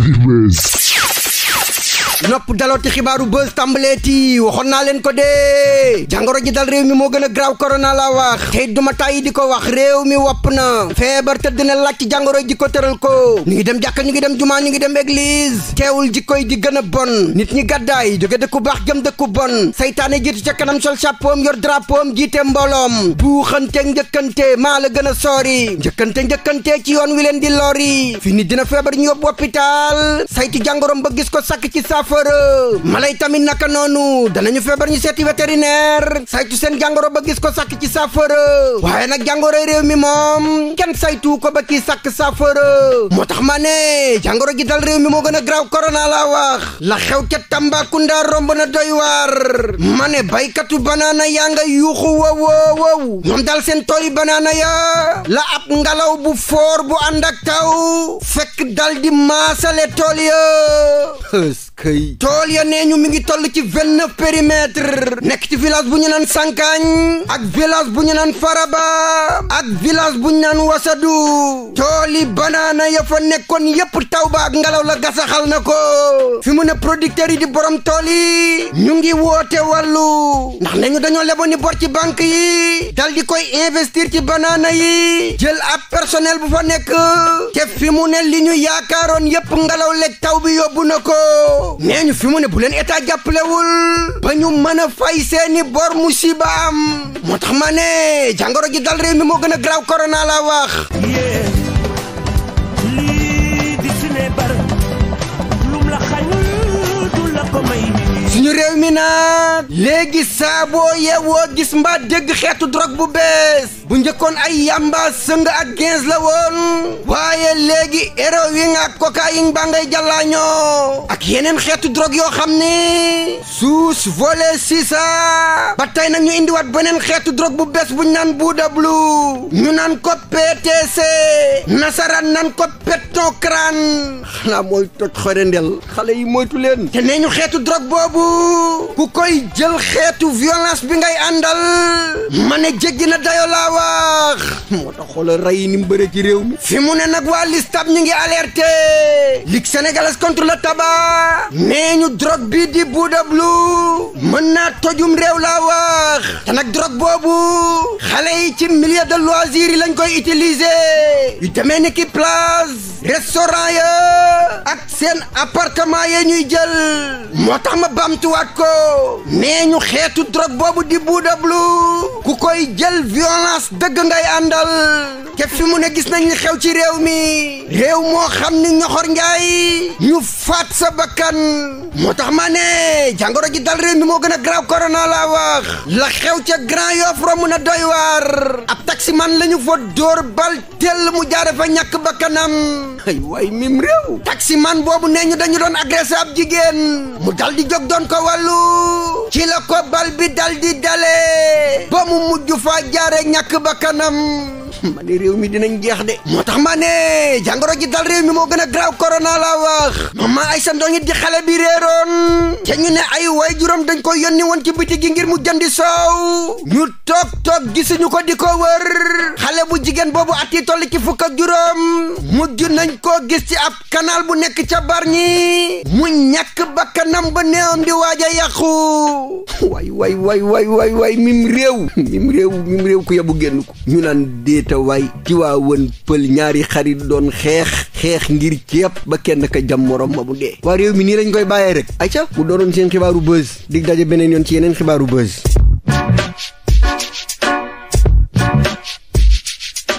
Heavy Mess. nopp dalooti xibaaru buzz tàmbaleeti waxoon naa leen ko dee jangoro ji dal réew mi moo gën a graaw corona la wax tey duma tàyyi di ko wax réew mi wopp na feebar tëdd na laaj ci jàngoro ji ko tëral ko ñu ngi dem jàkka ñu ngi dem jumaa ñu ngi dem église teewul jikko yi di gën a bon nit ñi gàddaay jóge dëkku baax jëm dëkku bon saytaane jiitu ca kanam sol chapeau yor drapeau am jiite mbooloom buuxante njëkkante maa la gën a soori njëkkante njëkkante ci yoon wi leen di lori fi nit dina feebar ñu yóbbu hôpital saytu jàngoroom ba gis ko sàkk ci saafara saafara mala tamit naka noonu danañu feebar ñu seeti vétérinaire saytu seen jàngoro ba gis ko sàkk ci saafara waaye nag jàngoro réew mi moom kenn saytu ko ba kii sàkk saafara moo tax ma ne jàngoro gi dal réew mi moo gën graaw corona laa wax la xew ca Tambacounda romb na doy waar ma ne baykatu banaana yaa yuuxu wow ñoom daal seen tooli banaana ya la ab ngalaw bu foor bu ànd ak taw fekk dal di maasale tool ya këy tool nee ñu mi ngi toll ci vingt neuf périmètre nekk ci village bu ñu naan Sankaañ ak village bu ñu naan Faraba ak village bu ñu naan Wasadu tool yi banaana ya fa nekkoon yépp taw ba ak ngelaw la gasaxal na ko fi mu ne producteurs yi di borom tool yi ñu ngi woote wàllu ndax ne ñu dañoo lebo ni bor ci banque yi dal di koy investir ci banaana yi jël ab personnel bu fa nekk te fi mu ne li ñu yaakaaroon yépp ngelaw leeg taw bi yóbbu na ko nee ñu fi mu ne bu leen état jàppalewul ba ñu mën a fay seeni bor musiba am moo tax ma ji dal réew mi moo gën a graaw corona la wax suñu réew mi nag léegi saaboo yeewoo gis mbaa dégg xeetu drogue bu bees bu njëkkoon ay yamba sëng ak gens la woon waaye léegi wi ak cocaïne ba ngay jàllaañoo ak yeneen xeetu drogue yoo xam ni suus volet sisa ba tey nag ñu indiwaat beneen xeetu drogue bu bees buñ naan Buddha Blue ñu naan ko PTC nasaraan naan ko pétocrane xanaa mooy toj xorendel xale yi moytu leen te nee ñu xeetu drogue boobu ku koy jël xeetu violence bi ngay àndal ma ne jéggi na dayo laa wax moo tax xoolal rey ni mu ci réew mi fi mu ne nag waa police tab ñu ngi alerté ligue sénégalaise contre le tabac nee ñu drogue bi di buudablu mën naa tojum réew laa wax te nag drogue boobu xale yi ci milieu de loisir yi lañ koy utiliser yu demee ni ki place restaurant ya ak seen appartement ya ñuy jël moo tax ma bamtuwaat ko nee ñu xeetu drogue boobu di buudablu ku koy jël violence dëgg ngay àndal te fi mu ne gis nañ li ci réew mi réew moo xam ni ñoxor njaay ñu fat sa bakkan moo tax maa ne jàngoro ji dal réew mi moo gën a graaw corona laa wax la xew ca Grand Yoff romb na doy waar ab taximan la ñu fa dóor bal teel mu jaare fa ñàkk bakkanam ay waay mim réew taximan boobu nee ñu dañu doon agressé ab jigéen mu dal di jóg doon ko wàllu ci la ko bal bi dal di mujj faa jaare ñàkk bakkanam ma réew mi dinañ jeex de moo tax ma ne jàngoro ji dal réew mi moo gën a graaw corona la wax mama ay sa ndong di xale bi réeroon te ñu ne ay way juróom dañ ko yónni woon ci biti gi ngir mu jëndi soow ñu toog toog gisuñu ko di ko wër xale bu jigéen boobu at toll ci fukk ak juróom mujj nañ koo gis ci ab kanaal bu nekk ca Bargny mu ñàkk bakkanam ba néewam di waaj a yàqu way way way way way way réew mim réew mim réew ku yebu génn ko ñu naan déeta waay ci waa wën pël ñaari xarit doon xeex xeex ngir ceeb ba kenn ka jam morom ma mu dee waa réew mi nii lañ koy bàyyee rek ayca mu doonoon seen xibaaru buzz dig daje beneen yoon ci yeneen xibaaru buzz